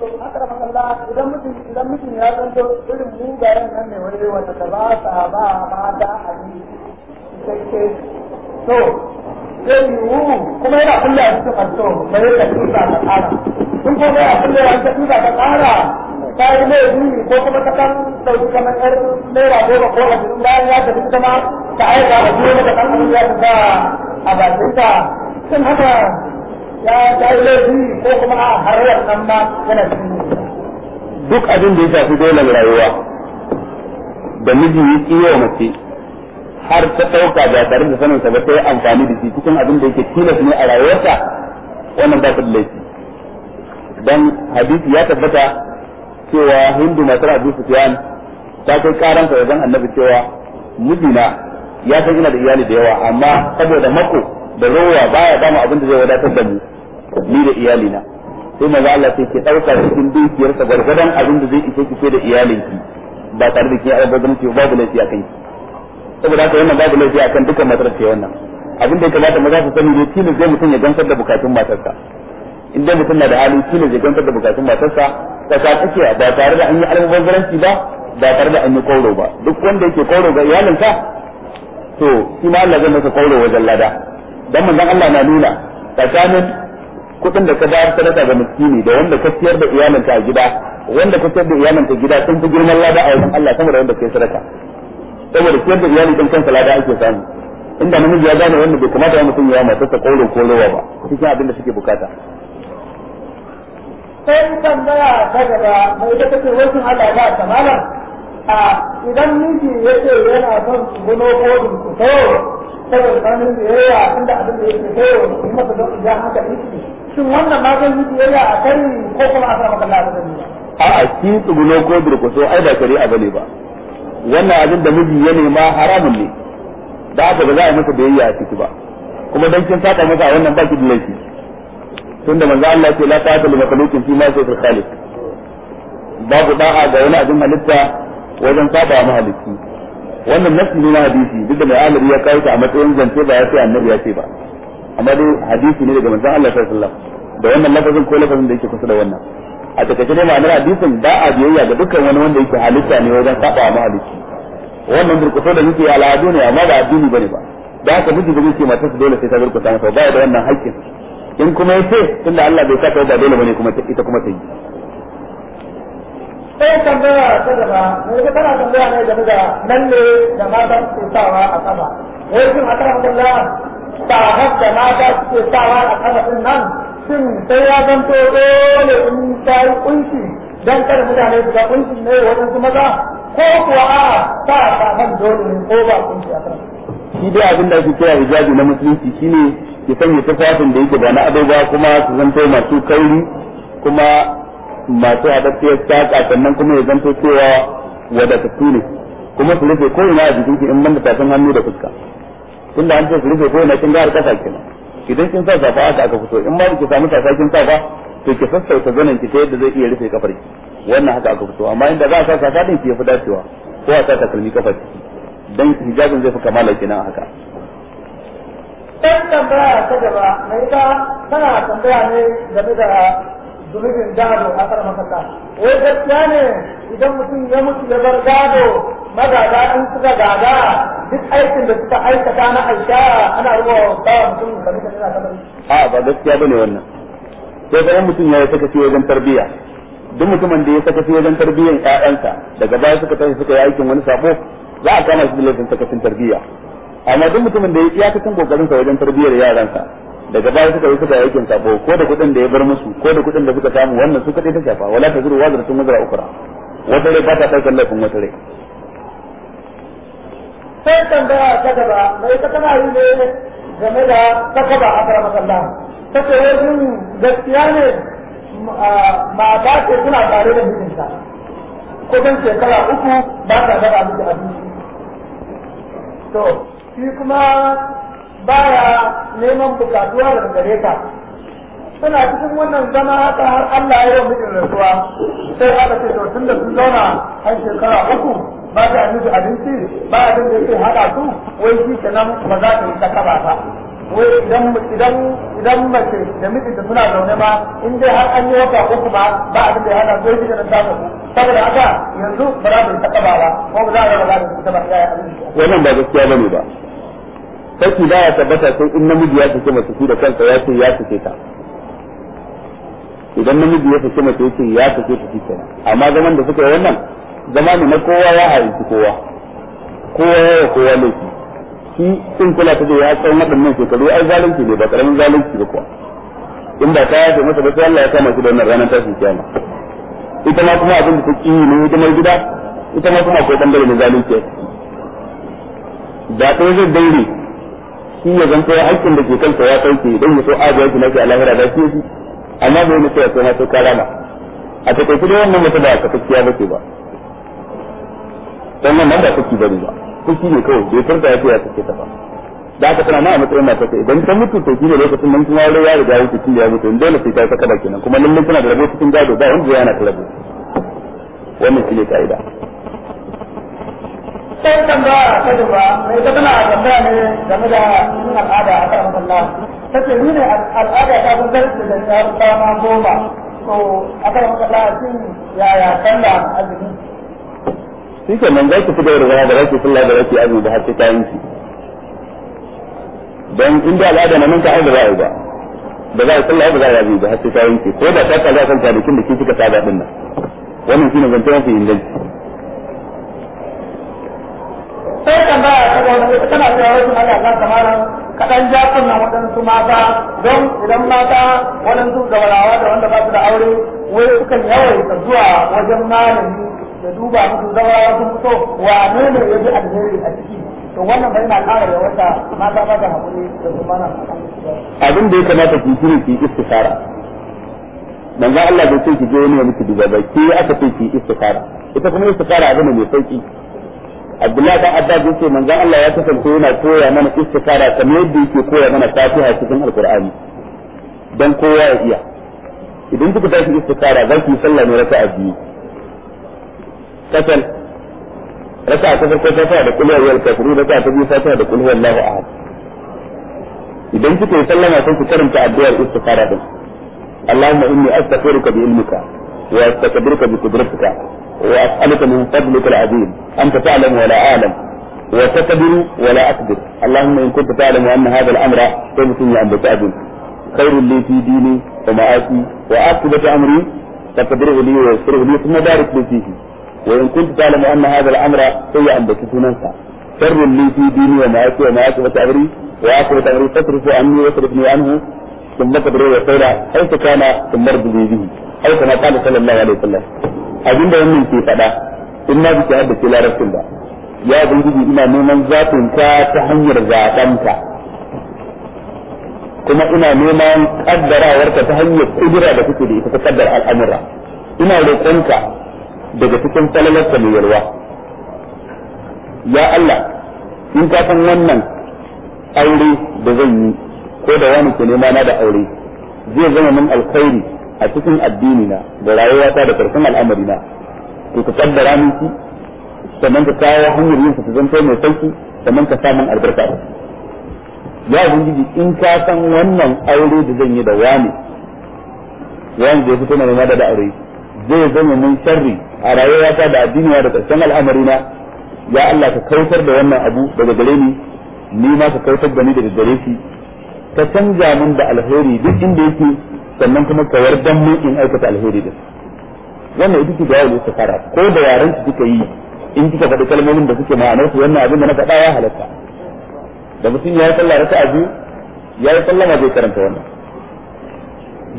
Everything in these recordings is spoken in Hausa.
idan mutum idan mutum ya zanto irin mu mugayen nan ne wani wanda ta ba sa ba mata abin cikakke to zai yiwu kuma yana kulle a cikin farko bare ka tusa ka tsara in ko bai a kulle a cikin tusa ka tsara ta yi laifi ko kuma ta kan sauki kamar yar naira goma ko a cikin bayan ya tafi kuma ta aika a duniya da kan abin ya tafi a bakinta shin haka ya ta yi ko kuma a ma yana cikin duk abin da ya shafi dole rayuwa da miji ya kiyo mace har ta ɗauka ba tare da saninsa ba ta yi amfani da shi cikin abin da yake tilas ne a rayuwarsa wannan ba ta da laifi don hadisi ya tabbata cewa hindu masu rabu su sufyan ta kai karansa wajen annabi cewa mijina ya san ina da iyali da yawa amma saboda mako da rowa baya mu abin da zai wadatar da mu ni da iyalina sai maza Allah sai ke ɗauka cikin dukiyarsa gwargwadon abin da zai ishe kike da iyalinki ba tare da ke a gwargwadon ce babu laifi a kanki saboda haka wannan babu laifi a kan dukkan matar ce wannan abin da ya kamata maza su sani ne tilas zai mutum ya gamsar da bukatun matarsa in dai mutum na da hali tilas zai gamsar da bukatun matarsa tsaka tsakiya ba tare da an yi almubazzaranci ba ba tare da an yi kauro ba duk wanda yake kauro ga iyalinsa to shi ma Allah zai masa kauro wajen lada dan manzon Allah na nuna tsakanin kuɗin da ka da sadaka ga miskini da wanda ka ciyar da iyalinka a gida wanda ka ciyar da iyalinka gida sun fi girman lada a wajen Allah saboda wanda ke sadaka saboda ciyar da iyalinka kan lada ake samu inda namiji ya gane wanda bai kamata ya mutum ya ta kauro ko rowa ba cikin abin da suke bukata sai tambaya ta gaba mai da take wasu Allah ba ta malam a idan miji ce yana son su guno ko su saboda sanin da yawa inda abin da yake sayo da don ja haka miki shin wannan ma zai yi biyayya a kai ko kuma a sarrafa Allah ba zai a'a shi tsuguno ko durkuso ai ba shari'a bane ba wannan abin da miji ya nema haramun ne da aka ba za a masa biyayya a ciki ba kuma dan kin saka masa a wannan baki da laifi tunda manzo Allah ce la ta'ata li makhluqin fi ma yasiful khaliq babu da'a ga wani abin halitta wajen saba wa mahalicci wannan nasu ne na hadisi duk da mai amiri ya kawo ta a matsayin zance ba ya ce annabi ya ce ba amma dai hadisi ne daga manzon Allah sallallahu alaihi wasallam da wannan lafazin ko lafazin da yake kusa da wannan a takaice dai ma'anar hadisin ba a biyayya ga dukkan wani wanda yake halitta ne wajen saba wa mahalicci wannan durkuso da muke al'adu ne amma ba addini bane ba da haka miji da yake matarsa dole sai ta durkusa masa ba da wannan haƙƙin in kuma yace tunda Allah bai saka ba dole bane kuma ita kuma ta yi sai eh, tambaya ta gaba ne ta tana tambaya ne game da nan ne da matan ke sawa a sama wai shin a kan Allah tsarar da mata ke sawa a sama din nan sun sai ya zanto dole in ta yi kunshi dan kada mutane su ga kunshi ne waɗansu maza ko kuwa a ta nan dole ne ko ba kunshi a sama shi dai abin da ake kira hijabi na musulunci shine ya sanya tufafin da yake ba na ado ba kuma su zanto masu kauri kuma masu haɗaɗɗiyar saƙa sannan kuma ya zanto cewa wadatattu ne kuma su rufe ko ina a jikin in ban da tafin hannu da fuska tunda an ce su rufe ko na kin gara kasa kenan idan kin sa safa haka aka fito in ma ki samu safa kin sa to ki sassauta zanen ki ta yadda zai iya rufe kafar ki wannan haka aka fito amma inda za a sa safa din ki yafi dacewa ko a sa takalmi kafar ki dan hijabin zai fi kamala kenan haka dan tambaya ta gaba mai ta tana tambaya ne game da zunubin gado a kar masaka wai gaskiya ne idan mutum ya mutu ya bar gado magada in suka gada duk aikin da suka aikata na aisha ana ruwa ba mutum da mutum kamar kabari a ba gaskiya bane wannan sai ga mutum ya yi sakaci wajen tarbiyya duk mutumin da ya sakaci wajen tarbiyyar ƴaƴansa daga baya suka tashi suka yi aikin wani sabo za a kama shi da laifin sakacin tarbiyya amma duk mutumin da ya yi iyakacin kokarinsa wajen tarbiyyar yaransa daga baya suka yi suka aikin sabo ko da kuɗin da ya bar musu ko da kuɗin da suka samu wannan su kaɗai ta shafa wala ta zuru wazara tun wazara ukura wata rai ba ta ɗaukar laifin wata rai. sai tambaya ta gaba mai ta tana yi ne game da takaba a kara masallah ta ce wajen gaskiya ne ma ba ce suna tare da ko kusan shekara uku ba ta gaba miji abinci to shi kuma baya neman bukatuwa daga gare ka suna cikin wannan zama haka har Allah ya yi mijin rasuwa sai haka ce to tun da sun zauna har shekara uku ba ta musu abinci ba a da yake haɗa su wai shi nan ba za ta yi ta kaba ba wai idan idan idan mace da miji da suna zaune ma in dai har an yi wata uku ba ba a da ya wai shi ke nan ta ku saboda haka yanzu ba za ta yi ta kaba ba ko ba za a raba za ta yi ta ba wannan ba gaskiya bane ba saki da ya tabbata sai in namiji ya fice mace shi da kanta ya ce ya fice ta idan namiji ya fice mace ya ce ya fice ta kenan amma zaman da suka yi wannan zama ne na kowa ya haifi kowa kowa ya kowa laifi shi sun kula ta ce ya tsawon waɗannan shekaru ai zalunci ne ba karamin zalunci ba kuwa in ba ta ce masa ba sai Allah ya kama shi da wannan ranar tashin kiyama ita ma kuma abin da ta ƙi ne mai gida ita ma kuma akwai ɓangare na zalunci da ta zai daure shi ya zanto ya haƙƙin da ke kanta ya kai ke don ya so ajiya ki lafiya lahira da shi amma bai mutu ya so na so rana a takaice dai wannan mutu ba sakakkiya ba ce ba don nan ba kuki bari ba kuki ne kawai bai furta ya ce ya sake ta ba da aka tana na a matsayin mata ta idan ta mutu to shine lokacin nan kuma wani ya riga ya kuki ya mutu dole sai ta saka da kenan kuma lallai tana da rabo cikin gado ba wanda yana ta rabo wannan shi ne ka'ida sai tambaya ta duba mai ita tana tambaya ne da yin a kan Allah ta ce ni ne al'ada ta kun da ta yaya sallah da yarda da zaki da zaki da ta ai da za a yi ba za a sallah da za a yi da har sai kayan ko da ta kaza kan kwanakin da kike ka saba din nan wannan shi shine zance mafi inganci sai tambaya ta ga wani tana cewa wasu mata za ta mara kadan ja kunnan waɗansu mata don idan mata waɗansu zawarawa da wanda ba su da aure wai sukan yawaita zuwa wajen malami da duba musu wa sun fito wa ne ya a alheri a ciki to wannan bai na ƙara da wata mata ba da haƙuri da kuma na abin da ya kamata ki shine ki istikara manzo Allah bai ce ki je ne miki duba ba ki aka ce ki istikara ita kuma istikara abin da mai sauki Abdullah dan Abbas yace manzon Allah ya kasance yana koya mana istikara kamar yadda yake koya mana Fatiha cikin Alkur'ani dan kowa ya iya idan kuka tashi istikara za ki sallah ne raka'a biyu kasan raka'a ta farko ta da kullu wal kafiru raka'a ta biyu ta da kullu wallahu ahad idan kika yi sallama sai ku karanta addu'ar istikara din Allahumma inni astaghfiruka bi ilmika واستكبرك بقدرتك واسالك من فضلك العظيم انت تعلم ولا اعلم وتكبر ولا اكبر اللهم ان كنت تعلم ان هذا الامر سيكون ان تاجل خير لي في ديني ومعاشي وعاقبه امري فقدره لي ويسره لي ثم بارك لي فيه وان كنت تعلم ان هذا الامر سيء ان سننك شر لي في ديني ومعاشي ومعاشي امري وعاقبه امري تصرف عني واصرفني عنه ثم قدره خيرا حيث كان ثم ارض لي به ai kuma kana sallallahu alaihi wasallam da wannan ke faɗa in na bi shahada ke larabcin ba ya ubangiji ina neman zatin ka ta hanyar zaben ka kuma ina neman kaddarawarka ta hanyar kudura da kuke da ita ta kaddar al'amura ina roƙonka daga cikin salalarka mai yarwa ya Allah in ka san wannan aure da zan yi ko da wani ke nema na da aure zai zama min alkhairi a cikin addini na da rayuwata da karshen al'amari na to ka kaddara min sannan ka kawo hanyar yin ta zanto mai sauki sannan ka samun albarka da ya ubangiji in ka san wannan aure da zan yi da wani wani da ya fito na nema da aure zai zama mun sharri a rayuwata da addini da karshen al'amari na ya Allah ka kautar da wannan abu daga gare ni ni ma ka kautar da ni daga gare shi ka canza min da alheri duk inda yake sannan kuma kawar dan mun in aikata alheri din wannan ita ce da yawon fara ko da yaran su duka yi in kika faɗi kalmomin da suke ma'anar su wannan abin da na faɗa ya halatta da mutum ya yi sallah a biyu ya yi sallama zai karanta wannan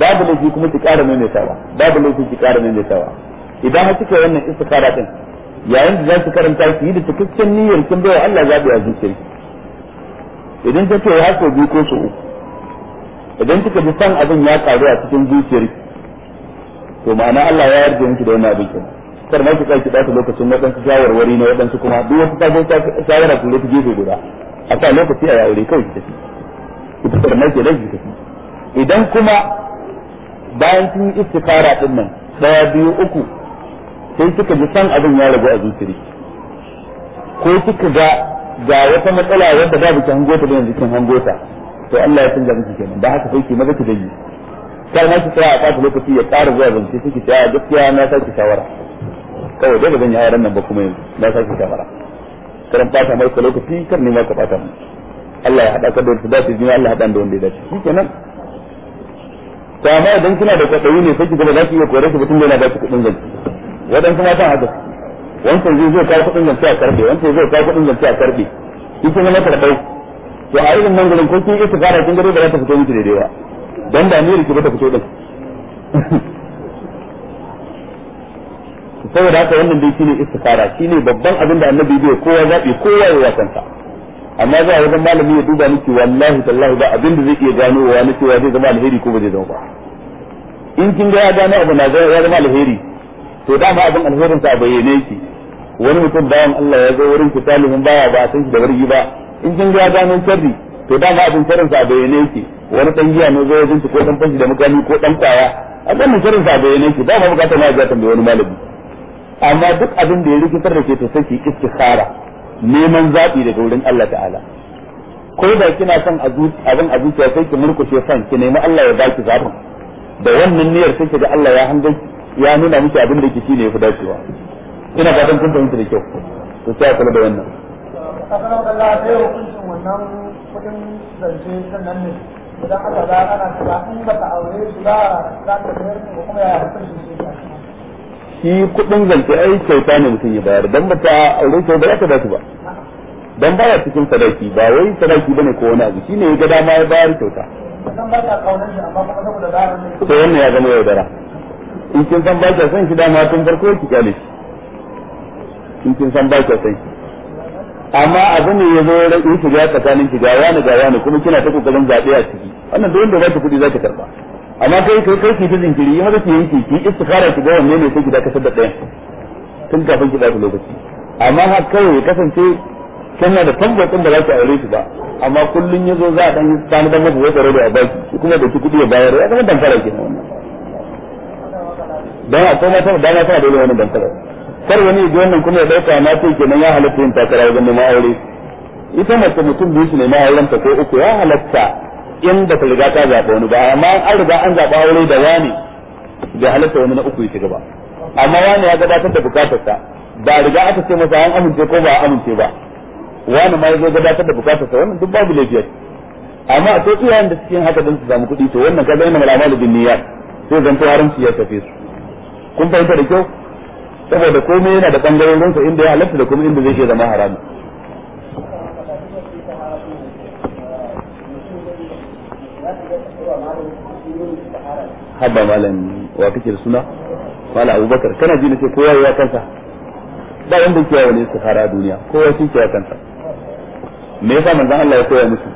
babu laifi kuma ki ƙara maimaitawa babu laifi ki ƙara maimaitawa idan har kika wannan istikara din yayin da za ki karanta ki yi da cikakken niyyar kin bai wa Allah zabi a zuciyarki idan ta ce ya so biyu ko su uku idan kika ji san abin ya karu a cikin zuciyarki to ma'ana Allah ya yarda miki da wannan abin kar ma ki tsaki ta lokacin dan shawarwari na waɗansu kuma duk wata ta shawara ku lokaci gefe guda a sa lokaci a yawure kawai ki tafi ki fitar mai ke ki idan kuma bayan sun yi istikara din nan daya biyu uku sai kika ji san abin ya ragu a zuciyarki ko kika ga ga wata matsala wadda da bikin hangota da yanzu kin hangota to Allah ya canza miki kenan da haka sai ki maza ki dage kar ma ki tsaya a fata lokaci ya ƙara zuwa zance sai ki tsaya gaskiya na saki shawara kawai dai ba zan yi auren nan ba kuma yanzu na saki shawara karan fata mai lokaci kar ne ma ka fata Allah ya hada ka da wanda dace jini Allah hada da wanda ya dace shikenan to amma idan kina da kwaɗayi ne sai ki ga za ki iya kore shi mutum yana ba ki kuɗin zance waɗansu matan haka wancan zai zo kawo kuɗin zance a karbe wancan zai zo kawo kuɗin zance a karbe ita ne na karɓai to a irin nan gurin ko kin yi tsara kin gare ba za ta fito miki daidai ba dan da ni ki ba ta fito din saboda haka wannan dai shine istikara shine babban abin da annabi bai kowa zabi kowa ya wasanta amma za a wajen malami ya duba miki wallahi tallahi ba abin da zai iya ganowa na cewa zai zama alheri ko ba zai zama ba in kin ga ya gano abu na ya zama alheri to dama abin alherin sa bayyane yake wani mutum bayan Allah ya zo wurin ki talihin baya ba san shi da wargi ba in kin ga gano sharri to da ga abin sharrin sa bayyane yake wani dan giya ne zo jinta ko dan fashi da mukami ko dan kwaya a kan sharrin sa bayyane yake ba ba bukatar ma ga tambaye wani malami amma duk abin da ya rikitar da ke to sai ki istikhara neman zabi daga wurin Allah ta'ala ko da kina son abin a zuciya sai ki murkushe son ki nemi Allah ya baki zabin da wannan niyyar sai ki ga Allah ya hanga ya nuna miki abin da ke shine ya fi dacewa ina fatan kun fahimta da kyau to sai a da wannan kasar da la sai hukuncin wannan kudin zance sannan ne idan aka za ana kaza in ba ka aure shi ba za ka bayar ko kuma ya hukuncin shi shi kudin zance ai kyauta ne mutum ya bayar dan ba ta aure shi ba ya ta ba ba dan baya cikin sadaki ba wai sadaki bane ko wani abu ne ya ga dama ya bayar kyauta san ba ta kaunar shi amma kuma saboda bayar ne to wannan ya zama yaudara in kin san ba ta san shi dama tun farko ki kyale shi in kin san ba ta san shi amma abin ne ya zo ya yi ga tsakanin ki ga wani ga wani kuma kina ta kokarin zabe a ciki wannan duk wanda ba ki kudi zaki karba amma kai kai kai ki jin kiri haka ki yanki ki istikhara ki ga wanne ne sai ki ka da ɗayan tun kafin ki dace lokaci amma har kawai kasance kana da tabbacin da za ki aure shi ba amma kullun yazo za a dan sani dan masa wata rai da baki kuma da ki kudi ya bayar ya zama dan fara ke. wannan dan a koma ta dama tana da wani dan fara kar wani da wannan kuma ya dauka na ce kenan ya halatta yin takara wajen neman aure ita mace mutum biyu su ne auren ta ko uku ya halatta in ba ta riga ta zaɓa wani ba amma an riga an zaɓa aure da wani bai halatta wani na uku ya shiga ba amma wani ya gabatar da sa. ba riga aka ce masa an amince ko ba amince ba wani ma ya zo gabatar da sa wannan duk babu lafiyar amma a to iyayen da cikin haka don su samu kuɗi to wannan kaga yana mal'amalu bin niyyar sai zanto haramci ya tafi su kun fahimta da kyau saboda komai yana da bangarorin sa inda ya halatta da kuma inda zai ke zama haramu habba malam wa kake da suna malam abubakar kana ji nace kowa ya kansa ba wanda ke yawa ne su fara duniya kowa shi ke kansa me yasa manzon Allah ya koya musu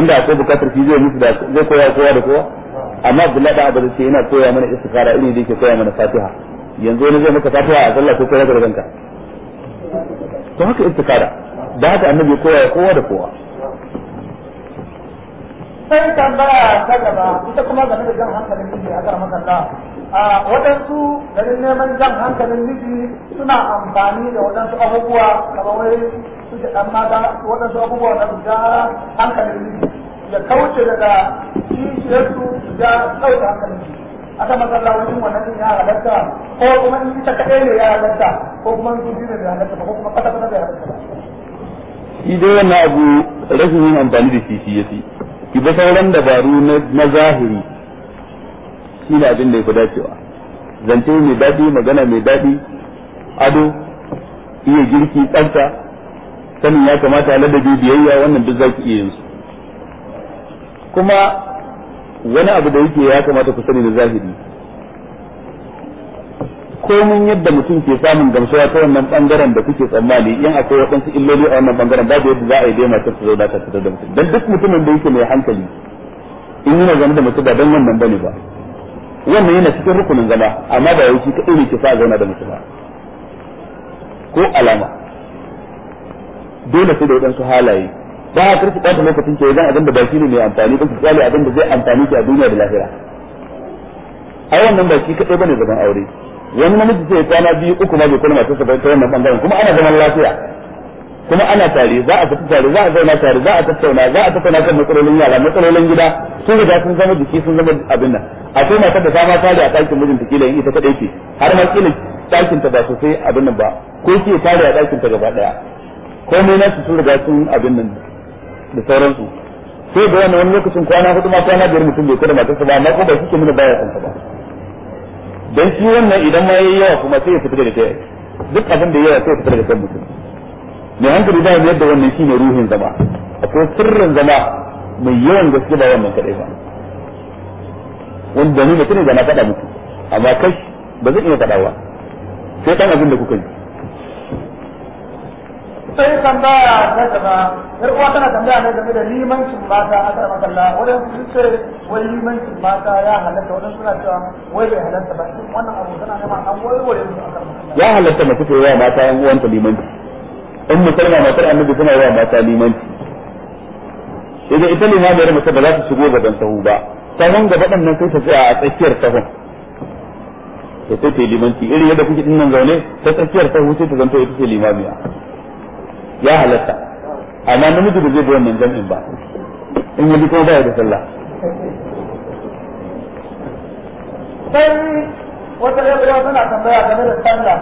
inda akwai bukatar shi zai musu da zai koya kowa da kowa amma Abdullahi da Abu ce yana koya mana istikhara iri da yake koya mana Fatiha yanzu wani zai maka fatiha a sallah ko kai daga ranka to haka intikada da haka annabi koya kowa da kowa sai ba ta gaba ita kuma game da jan hankalin miji a kan makalla a waɗansu garin neman jan hankalin miji suna amfani da waɗansu abubuwa kamar wai suke ɗan mata waɗansu abubuwa na guda hankalin miji ya kauce daga su ya kauce hankalin miji aka masallacin wannan din ya halatta ko kuma in ta kaɗai ne ya halatta ko kuma in biyu ne ya halatta ko kuma kasa kasa ya halatta shi dai wannan abu rashin yin amfani da shi ya fi ki ba sauran dabaru na zahiri shi ne abin da ya fi dacewa zance mai daɗi magana mai daɗi ado iya girki tsanta sanin ya kamata ladabi biyayya wannan duk za ki iya yin su kuma wani abu da yake ya kamata ku sani da zahiri komin yadda mutum ke samun gamsuwa ta wannan bangaren da kuke tsammani in akwai waɗansu illoli a wannan bangaren babu yadda za a yi dai matar su zauna ta fitar da mutum dan duk mutumin da yake mai hankali in yana zama da mutum ba dan wannan bane ba wannan yana cikin rukunin zama amma ba yau shi kaɗai ne ke sa zauna da mutum ba ko alama dole sai da waɗansu halaye ba a karki ɓata lokacin ke zan abin da ba shi ne mai amfani ba su tsali abin da zai amfani ke a duniya da lahira ai wannan ba shi kaɗai bane zaman aure wani namiji sai kwana biyu uku ma bai kula masu ba ta wannan bangaren kuma ana zaman lafiya kuma ana tare za a tafi tare za a zauna tare za a tattauna za a tattauna kan matsalolin yara matsalolin gida sun riga sun zama jiki sun zama abin nan kai matar da ta ma tare a ɗakin mijinta kila yin ita kaɗai ce har ma kila ɗakin ta ba sosai abin nan ba ko ke tare a ɗakin ta gaba ɗaya komai na su riga sun abin nan da sauransu sai da wani wani lokacin kwana hudu ma kwana biyar mutum bai kula matarsa ba amma ko ba shi ke nuna baya san ba dan shi wannan idan ma yayi yawa kuma sai ya fita daga kai duk abin da yawa sai ya fita daga kan mutum mai hankali da yadda wannan shine ruhin zama akwai sirrin zama mai yawan gaske ba wannan kadai ba wanda ni mutum da na fada muku amma kai ba zan iya fadawa sai dan abin da kuka yi sai tambaya ta gaba yar uwa tana tambaya ne game da limancin mata a kan kalla wajen su ce wai limancin mata ya halatta wajen suna cewa wai bai halatta ba shi wannan abu tana nema an wai wai su a karamar kalla ya halatta mace ta yawa mata yan uwanta limanci in musulma matar annabi tana yawa mata limanci idan ita limamiyar mace ba za ta shigo gaban sahu ba sahun gaba nan sai ta tsaya a tsakiyar sahun ta sai ta yi limanci irin yadda kuke dinnan zaune ta tsakiyar sahu sai ta zanto ita ce limamiya ya halatta amma namiji ba zai bi wannan jam'in ba in yi kuma baya da sallah sai wata ya bayan suna tambaya game da sallah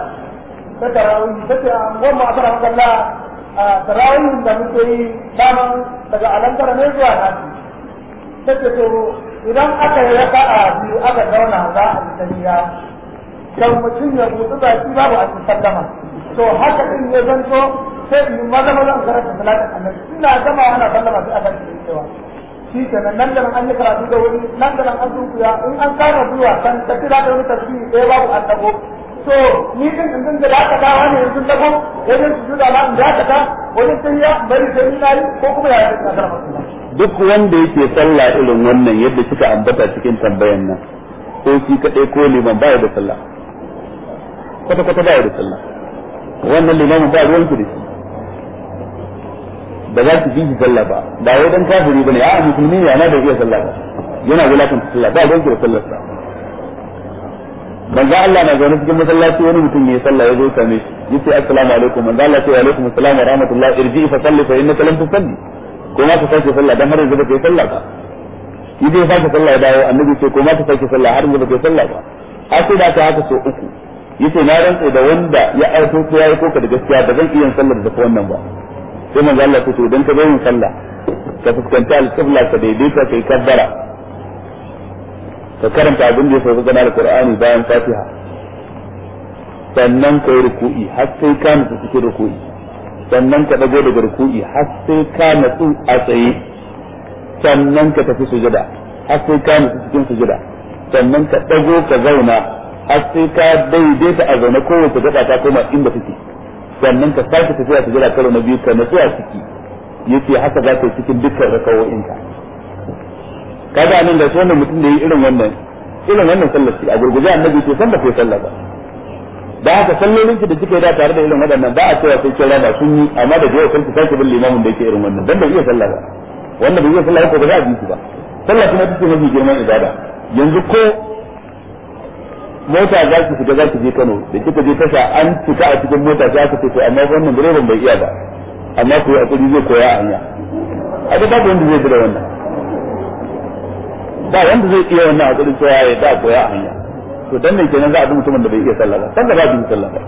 ta tarawih ta ce gwamma ah, a tara magalla a tarawih da muke yi daman daga alantara ne zuwa hajji ta ce to idan aka yi raka a biyu aka zauna za a yi tafiya kan mutum ya mutu shi babu a cikin sallama to haka din ya zanto sai in maza maza in karanta salatin annabi ina gama ana sallama sai a kan cewa shi kenan nan da nan an yi karatu da wuri nan da nan an sunkuya in an kama zuwa kan tafi da wani tafsiri ɗaya babu an dago to ni din in dinga dakatawa ne yanzu dago wajen su juda ma in dakata wajen tahiya bari sai ni yi ko kuma ya yi kasar duk wanda yake sallah irin wannan yadda kika ambata cikin tambayan nan ko shi kadai ko liman baya da sallah kwata kwata baya da sallah wannan limamin ba ruwan ku da shi ba za su bi sallah ba ba wai dan kafiri bane a'a musulmi ne ana da iya sallah ba yana wulakan sallah ba don da sallar sa ga Allah na zaune cikin masallaci wani mutum ya sallah ya zo same shi yace assalamu alaikum manzo Allah ce wa alaikum assalam wa rahmatullah irji fa salli fa innaka lam tusalli ko ma ka sake sallah dan har yanzu baka yi sallah ba yace fa ka sallah dawo annabi ce ko ma ka sake sallah har yanzu baka yi sallah ba a sai da ka haka so uku yace na rantsa da wanda ya aiko ko ya aiko ka da gaskiya ba zan iya sallar da wannan ba sai manzo Allah ya ce idan ka zo yin sallah ka fuskanci alƙibla ka daidaita kai kabbara ka karanta abin da ya sauka na alƙur'ani bayan fatiha sannan ka yi ruku'i har sai ka nutsu cikin ruku'i sannan ka dago daga ruku'i har sai ka nutsu a tsaye sannan ka tafi sujada har sai ka nutsu cikin sujada sannan ka dago ka zauna har sai ka daidaita a zaune kowace gaba ta koma inda take sannan ka sake tafiya ta jira karo na biyu ka natsu a ciki yace haka za ta yi cikin dukkan rakawoyinka kaga nan da su wannan mutum da yi irin wannan irin wannan sallar a gurguje annabi ce sallar ko sallar ba da haka sallolin da kike da tare da irin waɗannan ba a cewa sai kira da sun yi amma da jiya kun sake bin limamin da yake irin wannan dan bai iya sallah ba wanda bai iya sallah ko ba za a ji ba sallah kuma take mafi girman ibada yanzu ko mota za su fita za su je Kano da kika je tasha an fita a cikin mota za su ce amma wannan direban bai iya ba amma ku yi hakuri zai koya a hanya a da babu wanda zai bi da wannan ba wanda zai iya wannan hakuri cewa ya da koya a hanya to dan ne kenan za a bi mutumin da bai iya sallah ba sallah ba bi sallah ba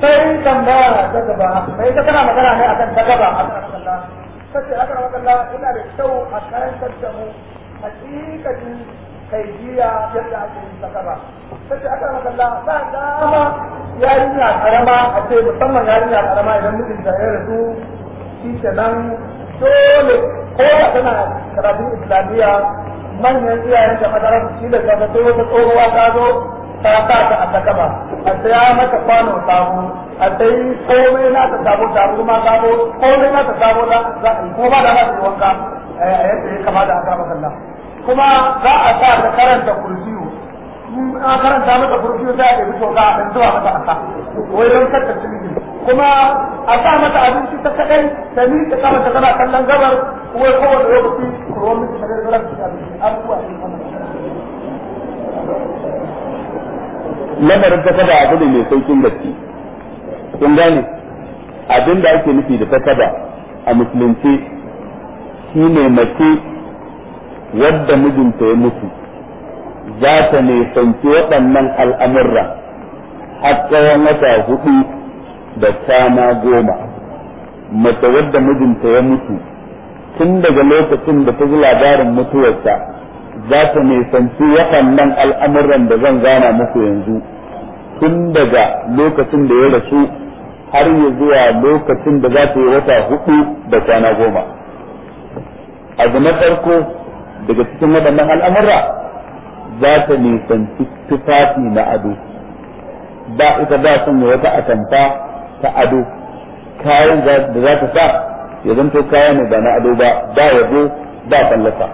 sai tambaya ta gaba mai ta kana magana ne akan ta gaba a kan Allah sai akan Allah ina da kyau a karantar da mu hakikatin kai jiya yadda ake yin sakara sai aka maka Allah ba dama yarinya karama a ce musamman yarinya karama idan mijinta ya rasu shi ke nan dole ko da tana karatun islamiyya manyan iyayen da madara su shi da shafa sai wata tsohuwa ta zo ta sa ta a sakaba a saya mata kwano samu a sai komai na ta samu samu ma samu komai na ta samu za a yi kuma ba da za ta yi wanka eh, a yadda ya kamata a kama sallah kuma za a sa ta karanta kurfiyo in an karanta mata kurfiyo za a ɗebi toka a ɗan zuwa mata a sa wai don kar cikin kuma a sa mata abinci ta kaɗai ta ta kama ta tana kallon gabar wai kowane lokaci ruwan miki shagar zuwa ta abinci an zuwa lamarin ta kada abu ne mai saukin gaske kun gane abin da ake nufi da ta kada a musulunci shi ne mace wadda mijinta ya mutu za ta ne sanke waɗannan al'amurra a tsawon wata hudu da kwana goma mace wadda mijinta ya mutu tun daga lokacin da ta ji labarin mutuwarsa za ta nisanci waɗannan al'amuran da zan gana muku yanzu tun daga lokacin da ya rasu har ya zuwa lokacin da za ta yi wata hudu da kwana goma abu na farko daga cikin waɗannan al'amurra za ta nisanci tufafi na ado ba ita ba son ya wata atamfa ta ado kayan da za ta sa ya zanto kayan ne ba na ado ba ba yabo ba tallafa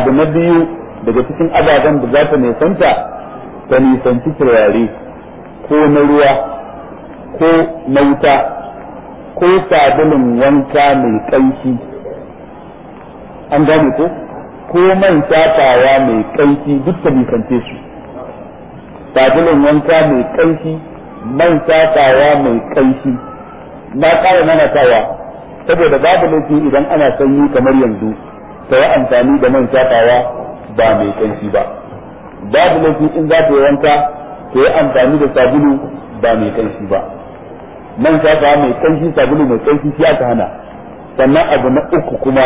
abu na biyu daga cikin ababen da za ta nisanta ta nisanci turare ko na ruwa ko na wuta ko sabulin wanka mai ƙanshi an gane ko ko man shafawa mai kaifi duk ta nisance su sabulun wanka mai kaifi man shafawa mai kaifi na mana nanatawa saboda babu laifi idan ana sanyi kamar yanzu ta yi amfani da man shafawa ba mai kaifi ba babu laifi in za ta yi wanka ta yi amfani da sabulu ba mai kaifi ba man shafawa mai kaifi sabulu mai kaifi shi aka hana sannan abu na uku kuma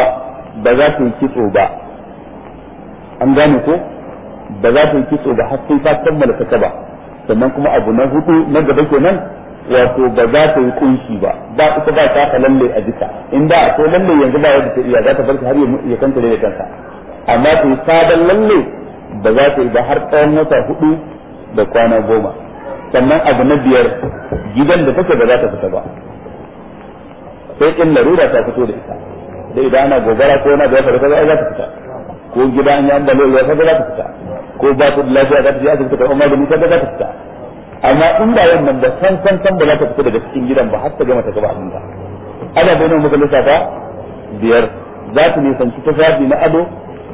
ba za ta yi kitso ba an gane ko ba za ta yi kitso da har sai ta kammala ta ba sannan kuma abu na hudu na gaba kenan wato ba za ta yi kunshi ba ba ita ba ta ka lalle a jika in da akwai lalle yanzu ba yadda ta iya za ta bar har ya kanta da kanta amma ta yi sabon lalle ba za ta yi ba har tsawon wata hudu da kwana goma sannan abu na biyar gidan da take ba za ta fita ba sai in larura ta fito da ita da idan ana gobara ko na da ya fita za ta fita ko gida an yi an da ya ka za ta fita ko ba ta lafiya za ta je asibiti karɓar magani ka za ta fita amma in ba nan da san san san ba za ta fita daga cikin gidan ba har ta gama ta gaba abin ta ana da wannan majalisa ta biyar za ta nisanci shafi na ado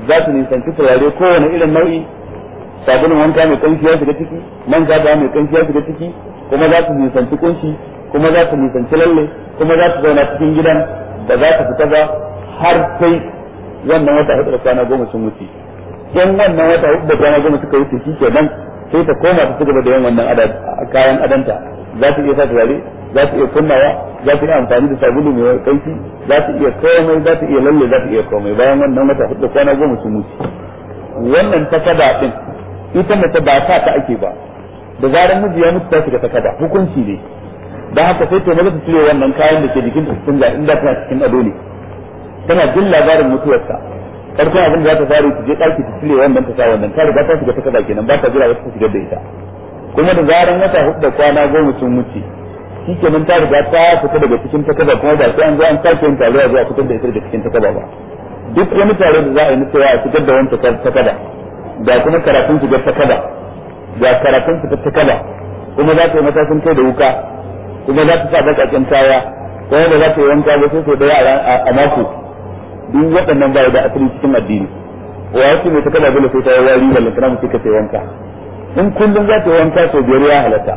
za ta nisanci turare kowane irin nau'i sabulun wanka mai kanshi ya shiga ciki man zaba mai kanshi ya shiga ciki kuma za ta nisanci kunshi kuma za ta nisanci lalle kuma za ta zauna cikin gidan ba za ta fita ba har sai wannan wata hudu da kwana goma sun wuce in wannan wata hudu da kwana goma suka wuce shi nan sai ta koma ta cigaba da yin wannan kayan adanta za ta iya sa turare za ta iya kunnawa za ta iya amfani da sabulu mai kaifi za ta iya komai za ta iya lalle za ta iya komai bayan wannan wata hudu da kwana goma sun wuce wannan takada din ita mace ba sa ta ake ba da zarar miji ya mutu ta shiga takada hukunci ne da haka sai ta maza ta cire wannan kayan da ke jikin ta cikin in da tana cikin ado ne tana jin labarin mutuwarsa karfi abin da za ta fara ta je ɗaki ta cire wannan ta sa wannan ta riga ta shiga ta kaza kenan ba ta jira wata ta shiga da ita kuma da zaran wata hudu da kwana goma sun wuce shi kenan ta riga ta fita daga cikin kaza kuma ba sai an zo an sake yin taruwa zuwa fitar da ita daga cikin kaza ba duk wani tare da za a yi na cewa a fitar da wani kaza ga kuma karatun ta kaza ga karatun fitar kaza kuma za ta yi matakin kai da wuka kuma za ta sa baƙaƙen kaya kuma da za ta yi wanka ba sai sai da yara a mako duk waɗannan ba da asali cikin addini wa yake mai takala dole sai ta yi wari balle kana mutum ka wanka in kullum za ta wanka sau biyar ya halatta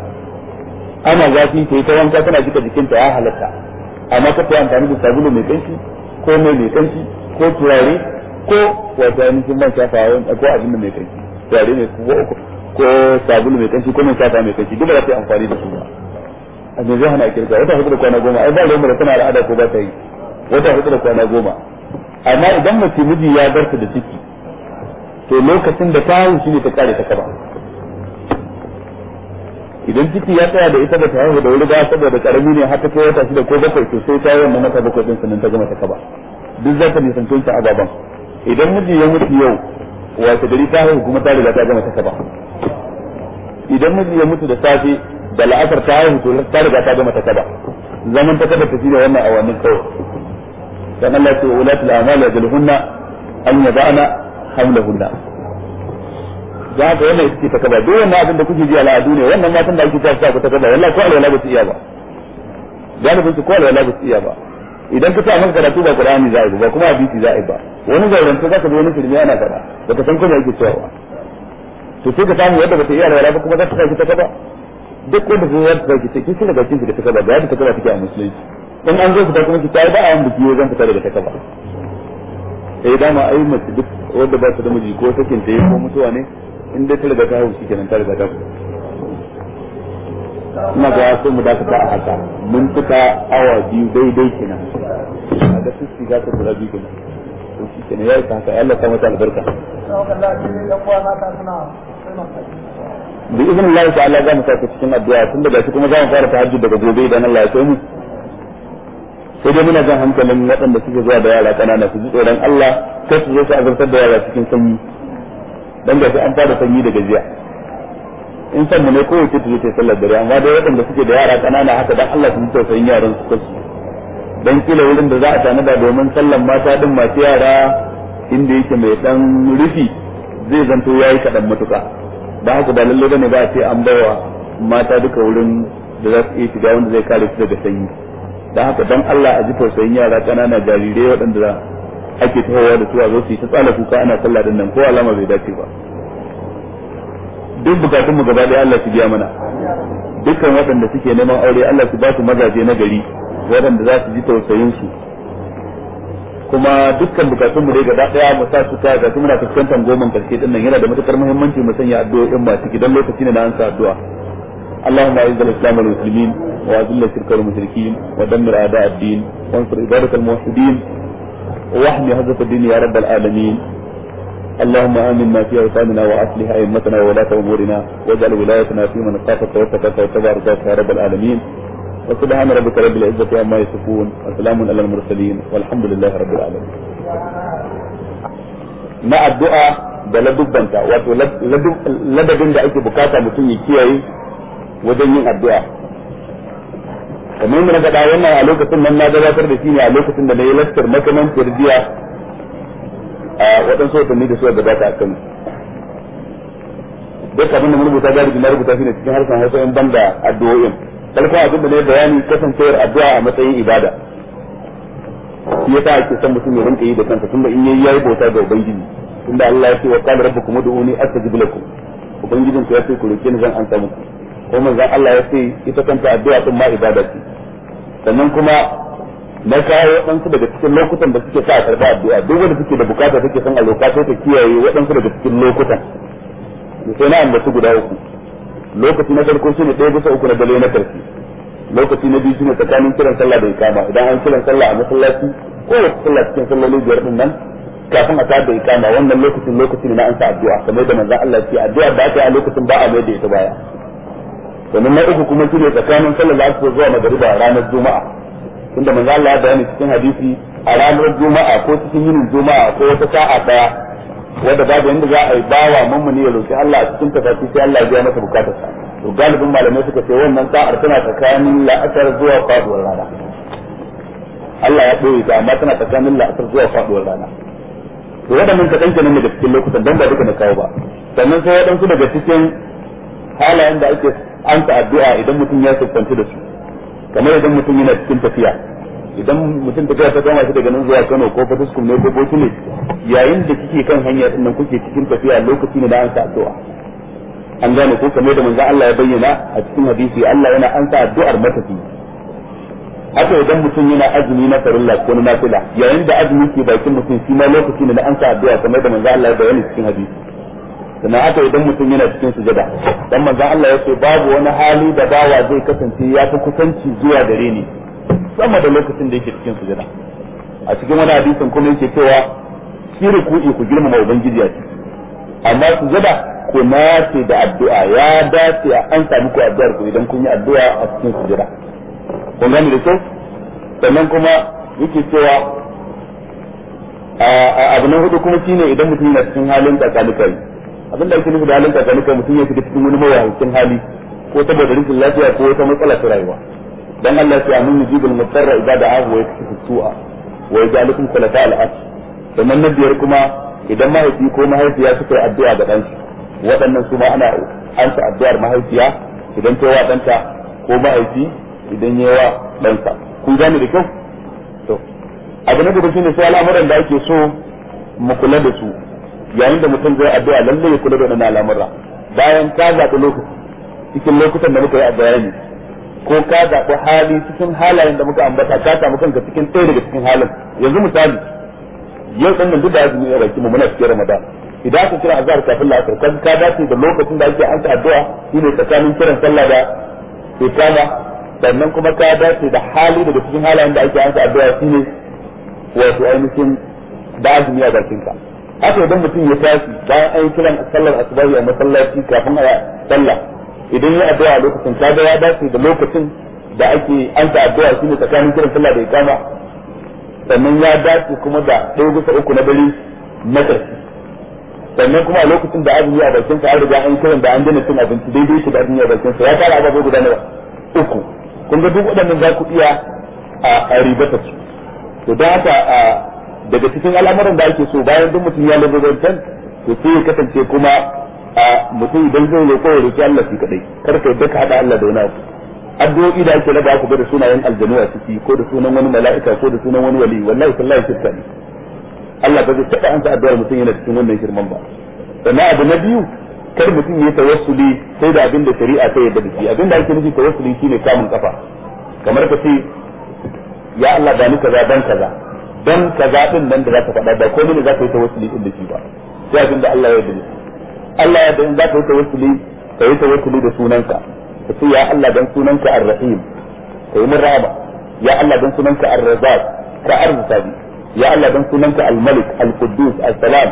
ana zafi ta yi ta wanka tana jika jikinta ya halatta amma ka ta amfani da sabulu mai kanshi ko mai mai kanshi ko turare ko wato ainihin man shafawa ko abin da mai kanshi turare ne ko ko sabulu mai kanshi ko mai shafa mai kanshi duk da za ta amfani da su ba a me zai hana kirga wata hudu da kwana goma ai ba ruwan da tana al'ada ko ba ta yi wata hudu da kwana goma amma idan mace miji ya bar ta da ciki to lokacin da ta haihu shine ta kare ta kaba idan ciki ya tsaya da ita ba ta haihu da wuri ba saboda karami ne har ta kai wata shida ko bakwai to sai ta yi wannan mata bakwai din sannan ta gama ta kaba duk za ta nisanci ta ababan idan miji ya mutu yau wata gari ta haihu kuma ta riga ta gama ta kaba idan miji ya mutu da safe da la'asar ta haihu to ta riga ta gama ta kaba zaman ta kaba ta shine wannan awannin kawai dan Allah ya ce wa ulatul amali yadulhunna an yada'na hamlahunna za ga wannan ita ta kaba duk wannan abin da kuke ji al'adu ne wannan matan da kuke ta sa ku ta kaba wallahi ko Allah ya su iya ba ya su ko Allah ya su iya ba idan ka sa maka karatu ba Qur'ani za'i ba kuma hadisi za'i ba wani gauran za zaka zo wani firme ana fada ba ka san kuma yake cewa to sai ka samu yadda ba iya alwala ba kuma za ta ta kaba duk wanda zai yadda ki ce ki da daga da ta kaba ga yadda ta kaba take a musulunci in an zo fita kuma ki kai ba a yan biyo zan fita daga ta kafa sai eh, dama ai mace duk wanda ba ta da miji ko sakin ta ko mutuwa ne in dai ta riga ta hau kenan ta riga ta ina ga su mu dakata a haka mun fita awa biyu daidai kenan ga sisi za ta kula biyu kenan to ya yayi ta haka Allah ta mata albarka bi izinin Allah ta'ala za mu saka cikin addu'a tun da shi kuma za mu fara tahajjud daga gobe idan Allah ya so mu sai dai muna jan hankalin waɗanda suke zuwa da yara ƙanana su ji tsoron Allah sai su zo su azurtar da yara cikin sanyi dan ga an fara sanyi da gajiya in san mu ne ko yace tuje sallar dare amma dai waɗanda suke da yara ƙanana haka dan Allah su ji tausayin yaran su kansu dan kila wurin da za a tanada domin sallan mata din masu yara inda yake mai dan rufi zai zanto yayi kaɗan matuka ba haka ba lalle bane ba a ce an bawa mata duka wurin da za su iya shiga wanda zai kare su daga sanyi da haka dan Allah a ji tausayin yara kanana jarirai waɗanda ake tahowa da a zo su yi ta tsala kuka ana sallah din nan ko alama bai dace ba duk bukatun mu gaba da Allah su biya mana dukkan waɗanda suke neman aure Allah su ba su mazaje na gari waɗanda za su ji tausayin su kuma dukkan bukatun mu dai gaba daya mu sa su kaya ga muna fuskantar goma karshe din nan yana da matukar muhimmanci mu sanya addu'o'in masu gidan lokaci ne na an sa addu'a اللهم اعز الاسلام والمسلمين واذل الشرك والمشركين ودمر اعداء الدين وانصر عبادك الموحدين واحمي هزة الدين يا رب العالمين اللهم امنا في اوطاننا واصلح ائمتنا وولاة امورنا واجعل ولايتنا في من خافك واتقاك واتبع رضاك يا رب العالمين وسبحان ربك رب العزة عما يصفون وسلام على المرسلين والحمد لله رب العالمين. مع الدعاء da ladubbanta wato ladabin da ake bukata mutum ya kiyaye wajen yin addu'a kamar yadda na faɗa wannan a lokacin nan na gabatar da shi ne a lokacin da na yi lastar makaman jiya a waɗansu watanni da suka gabata a kan duk abin da mun rubuta galibi na rubuta shi ne cikin harshen hausa in banda addu'o'in farko abin da na yi bayani kasancewar addu'a a matsayin ibada shi yasa ake son mutum ya rinka yi da kansa tunda in yayi yayi bauta ga ubangiji tunda Allah ya ce wa qala rabbukum ud'uni astajib lakum ubangijin ku ya ce ku roke ni zan an muku ko manzon Allah ya ce ita kanta addu'a din ma ibada ce sannan kuma na kawo waɗansu daga cikin lokutan da suke sa a karɓa addu'a duk wanda suke da bukata suke san aloka sai ta kiyaye waɗansu daga cikin lokutan sai na ambaci guda uku lokaci na farko shine ɗaya bisa uku na dare na karfi lokaci na biyu shine tsakanin kiran sallah da ikama idan an kiran sallah a masallaci ko wata sallah cikin sallolin biyar din nan kafin a ta da ikama wannan lokacin lokaci ne na ansa addu'a kamar da manzon Allah ya ce addu'a ba ta a lokacin ba a mai da ita baya sannan na uku kuma shine tsakanin sallar la'asar zuwa magariba ranar juma'a tunda manzo Allah ya bayani cikin hadisi a ranar juma'a ko cikin yinin juma'a ko wata sa'a daya wanda babu yanda za a yi bawa mamuni ya roki Allah a cikin tafafi sai Allah ya biya masa bukatarsa to galibin malamai suka ce wannan sa'ar tana tsakanin la'asar zuwa faduwar rana Allah ya ɓoye ta amma tana tsakanin la'asar zuwa faduwar rana to waɗannan kaɗan kenan daga cikin lokutan don ba duka na kawo ba sannan sai waɗansu daga cikin halayen da ake ansa addu'a idan mutum ya siffanci da su kamar idan mutum yana cikin tafiya idan mutum tafiya ta kama shi daga nan zuwa Kano ko Fatiskum ne ko Bokile yayin da kike kan hanya din nan kuke cikin tafiya lokaci ne da ansa addu'a an gane ko kamar da manzo Allah ya bayyana a cikin hadisi Allah yana ansa addu'ar matafi haka idan mutum yana azumi na farilla ko na nafila yayin da azumi ke bakin mutum shi ma lokaci ne da ansa addu'a kamar da manzo Allah ya bayyana cikin hadisi na haka idan mutum yana cikin sujada dan manzon Allah ya ce babu wani hali da bawa zai kasance ya fi kusanci zuwa gare ni sama da lokacin da yake cikin sujada a cikin wani hadisin kuma yake cewa kiri ku ku girmama ubangiji a ciki amma sujada ku nace da addu'a ya dace a an sami ku addu'ar ku idan kun yi addu'a a cikin sujada kun gani da kyau sannan kuma yake cewa abu na hudu kuma shine idan mutum yana cikin halin tsakanikai abin da ake nufi da halin kakani kai mutum ya shiga cikin wani mawuyacin hali ko saboda rikin lafiya ko wata matsala ta rayuwa dan Allah ya amin mun yujibul mutarra idza da'ahu wa yakfi su'a wa yaj'alukum khulafa al-ard sannan na biyar kuma idan mahaifi ko mahaifiya suka yi addu'a ga ɗansu waɗannan su ma ana ansa addu'ar mahaifiya idan ta wa ɗanta ko mahaifi idan ya wa ɗansa kun gane da kyau to abu na gaba shine sai al'amuran da ake so mu kula da su yayin da mutum zai addu'a lallai ya kula da wannan al'amura bayan ka zaɓi lokaci cikin lokutan da muka yi a bayani ko ka zaɓi hali cikin halayen da muka ambata ka samu kanka cikin ɗaya daga cikin halin yanzu misali yau ɗan nan duk da azumi ya baki mu muna cikin ramadan idan aka kira azhar kafin la'asar kan ka dace da lokacin da ake an ta addu'a shine tsakanin kiran sallah da ikama sannan kuma ka dace da hali daga cikin halayen da ake an ta addu'a shine wato ainihin da azumi a bakin ka haka idan mutum ya tashi bayan an yi kiran sallar asubahi a masallaci kafin a sallah idan ya addu'a a lokacin kaga ya dace da lokacin da ake an ta addu'a shine tsakanin kiran sallah da ikama sannan ya dace kuma da ɗaya bisa uku na dare na ƙarshe sannan kuma a lokacin da azumi a bakin sa an riga an kiran da an dena cin abinci daidai shi da azumi a bakin sa ya fara ababai guda nawa uku kun ga duk waɗannan za ku iya a ribata su to don haka daga cikin al'amuran da ake so bayan duk mutum ya lalubantan to sai ya kasance kuma a mutum idan zai roƙo ya roƙi Allah shi kadai kar ka yadda ka hada Allah da wani abu addu'o'i da ake raba ku da sunayen aljanu a ciki ko da sunan wani mala'ika ko da sunan wani wali wallahi sallahi shirka ne Allah ba zai taɓa ansa addu'ar mutum yana cikin wannan shirman ba sannan abu na biyu kar mutum ya tawassuli sai da abin da shari'a ta yarda da shi abin da ake nufi tawassuli shine kamun kafa kamar ka ce ya Allah da ni kaza dan kaza dan ka din nan da za zaka faɗa ba komai ne ka yi ta tawassuli din da shi ba sai abin da Allah ya yarda Allah ya yarda in ka yi ta wasu tawassuli ka yi tawassuli da sunanka ka ce ya Allah dan sunanka Ar-Rahim ka yi rahama ya Allah dan sunanka Ar-Razzaq ka arzuta ni ya Allah dan sunanka Al-Malik Al-Quddus Al-Salam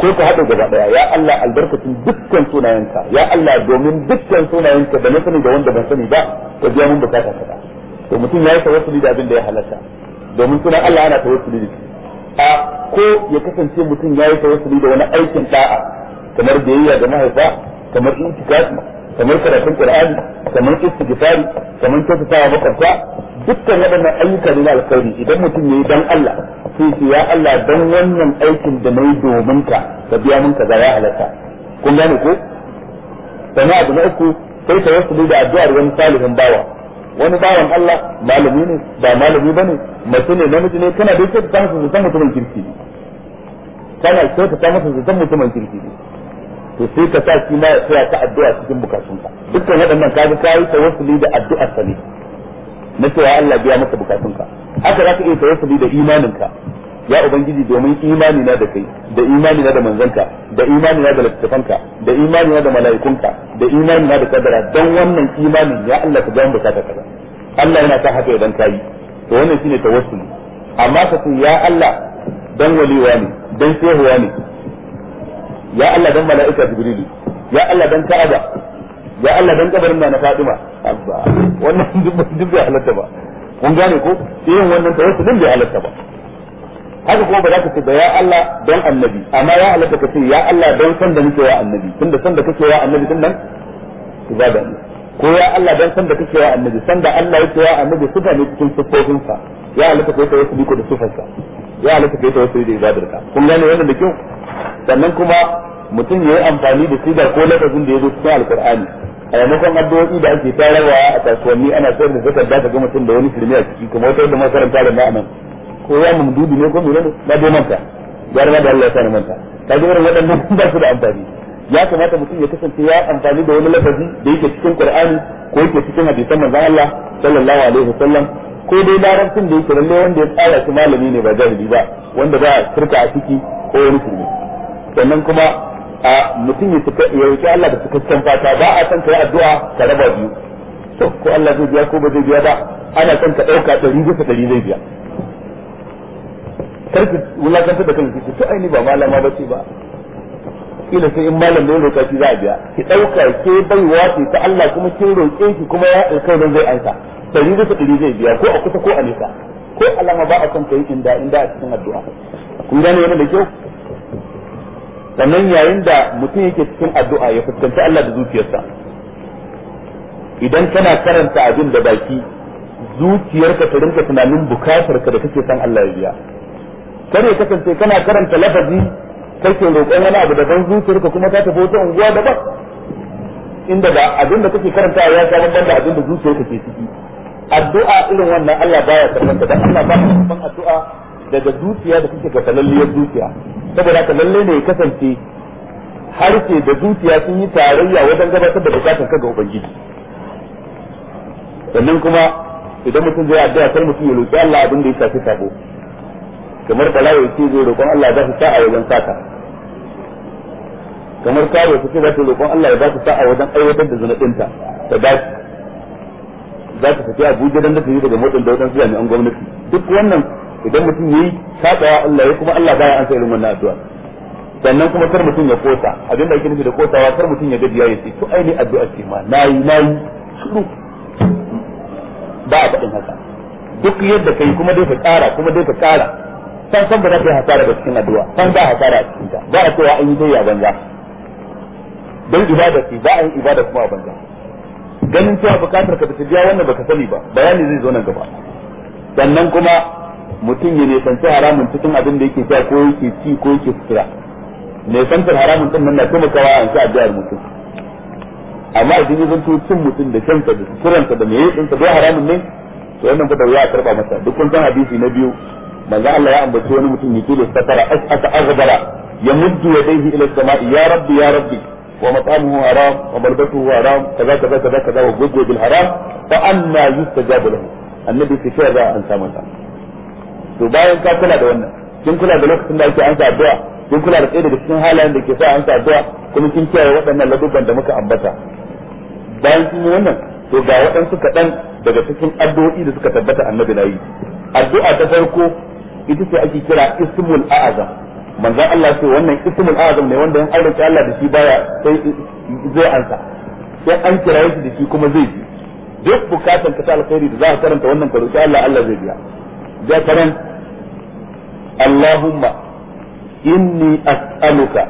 ko ka haɗa gaba daya ya Allah albarkacin dukkan sunayenka ya Allah domin dukkan sunayenka da na sani da wanda ban sani ba ka biya mun bukata kaza to mutum ya yi tawassuli da abin da ya halatta domin sunan Allah yana tawassuli da shi a ko ya kasance mutum ya yi tawassuli da wani aikin da'a kamar biyayya da mahaifa kamar intikafi kamar karatun qur'ani kamar istighfari kamar kyautatawa makwabta dukkan waɗannan ayyuka ne na alkhairi idan mutum ya yi dan Allah sai ce ya Allah dan wannan aikin da nayi domin ka ka biya min kaza ya halatta kun gane ko sana'a da uku sai tawassuli da addu'ar wani salihin bawa wani bawan Allah malami ne ba malami bane mace ne namiji ne kana da kyauta masa zaton mutumin kirki ne kana kyauta masa zaton mutumin kirki ne to sai ka sa shi ma ya tsaya ta addu'a cikin bukatunka dukkan waɗannan kaga kai tawassuli da addu'ar sa ne na cewa Allah biya maka bukatunka haka za ka iya tawassuli da imaninka ya ubangiji domin imani na da kai da imani na da manzanka da imani na da littafanka da imani na da mala'ikunka da imani na da kadara dan wannan imani ya Allah ka jamu ka kaza Allah yana sa haka idan kai to wannan shine tawassuli amma ka ce ya Allah dan waliwa ne dan shehuwa ne ya Allah dan mala'ika jibrilu ya Allah dan ka'aba ya Allah dan kabarin na Fatima abba wannan duk duk bai halatta ba kun gane ko irin wannan tawassulin bai halatta ba haka kuma ba za ka ce da ya Allah don annabi amma ya halatta ka ce ya Allah don san da nake ya annabi tunda san da kake ya annabi din nan ibada ne ko ya Allah don san da kake ya annabi san da Allah yake ya annabi suka ne cikin sifofin sa ya halatta ka yi tawassuli ko da sifar sa ya halatta ka yi tawassuli da ibadar ka kun gane wannan da kyau sannan kuma mutum ya yi amfani da sigar ko lafazin da ya zo cikin alkur'ani a maimakon addu'o'i da ake tarawa a kasuwanni ana sayar da zakar da ga mutum da wani firmi a ciki kuma wata da makaranta da ma'anan ko ya mamdudu ne ko ne na dai manta ya rama da Allah ya sa manta ka ji irin waɗannan ba su da amfani ya kamata mutum ya kasance ya amfani da wani lafazi da yake cikin Qur'ani ko yake cikin hadisan manzon Allah sallallahu alaihi wasallam ko dai larabcin da yake lalle wanda ya tsara shi malami ne ba jahili ba wanda ba kirka a ciki ko wani shirme sannan kuma a mutum ya roki Allah da cikakken fata ba a san kai addu'a ka raba biyu to ko Allah zai biya ko ba zai biya ba ana son ka dauka 100 bisa 100 zai biya karki wulakantar da kanki ki to ai ba malama ba ce ba kila sai in malam ne roƙa ki za a biya ki ɗauka ke baiwa ce ta Allah kuma kin roƙe ki kuma ya alƙawarin zai aika dari da dari zai biya ko a kusa ko a nisa ko alama ba a son kai inda inda a cikin addu'a kun gane wannan da kyau sannan yayin da mutum yake cikin addu'a ya fuskanci Allah da zuciyarsa idan kana karanta abin da baki zuciyarka ta rinka tunanin bukatarka da kake son Allah ya biya kar ya kasance kana karanta lafazi kake roƙon wani abu daban zuciyarka kuma ta tafi wata unguwa daban inda ba abinda kake karanta ya sha babban da abinda da zuciyarka ke ciki addu'a irin wannan Allah baya karanta da Allah ba ban addu'a daga zuciya da kake ga talalliyar zuciya saboda ka lalle ne kasance kasance harshe da zuciya sun yi tarayya wajen gabatar da bukatun ka ga ubangiji sannan kuma idan mutum zai addu'a sai mutum ya roƙi Allah abinda da ya shafi sabo kamar bala'i ce zai roƙon Allah ya ba su sa'a wajen saka kamar karo su ce za su roƙon Allah ya ba su sa'a wajen aiwatar da zunubinta ta dace za ta tafi Abuja dan da yi daga motsin da wadansu jami'an gwamnati duk wannan idan mutum yayi sabawa Allah ya kuma Allah baya an sa irin wannan addu'a sannan kuma kar mutum ya kosa abin da ake nufi da kosawa kar mutum ya gajiya ya ce to ai ne addu'a ce ma nayi nayi shiru ba a faɗin haka duk yadda kai kuma dai ka ƙara kuma dai ka ƙara san san ba za ta yi hasara da cikin addu'a san ba hasara a cikin ta ba a cewa an yi dai a banza don ibada ce ba a yi ibada kuma a banza ganin cewa bukatar ka bisa biya wannan baka sani ba bayani zai zo nan gaba sannan kuma mutum ya nisanci haramun cikin abin da yake sha ko yake ci ko yake sutura nisantar haramun din nan na kawai an sa addu'ar mutum amma idan ya zanto cin mutum da shansa da suturansa da yi ɗinsa dai haramun ne to wannan fa da wuya a karba masa duk kun san hadisi na biyu manzo Allah ya ambaci wani mutum yake da satara asaka azbara ya muddu yadayhi ila samai ya rabbi ya rabbi wa mat'amuhu haram wa malbasuhu haram kaza kaza kaza kaza wa ghudu bil haram fa anna yustajabu lahu annabi ke cewa za an samu to bayan ka kula da wannan kin kula da lokacin da ake ansa addu'a kin kula da tsaye daga cikin halayen da ke sa ansa addu'a kuma kin kiyaye waɗannan ladubban da muka ambata bayan kin yi wannan to ga waɗansu kaɗan daga cikin addu'o'i da suka tabbata annabi na yi addu'a ta farko ita ce ake kira ismul azam manzo Allah ce wannan ismul azam ne wanda in aure ta Allah da shi baya sai zai ansa sai an kira shi da shi kuma zai ji duk bukatan ka ta alkhairi da za ka karanta wannan ka roki Allah Allah zai biya da karan Allahumma inni as'aluka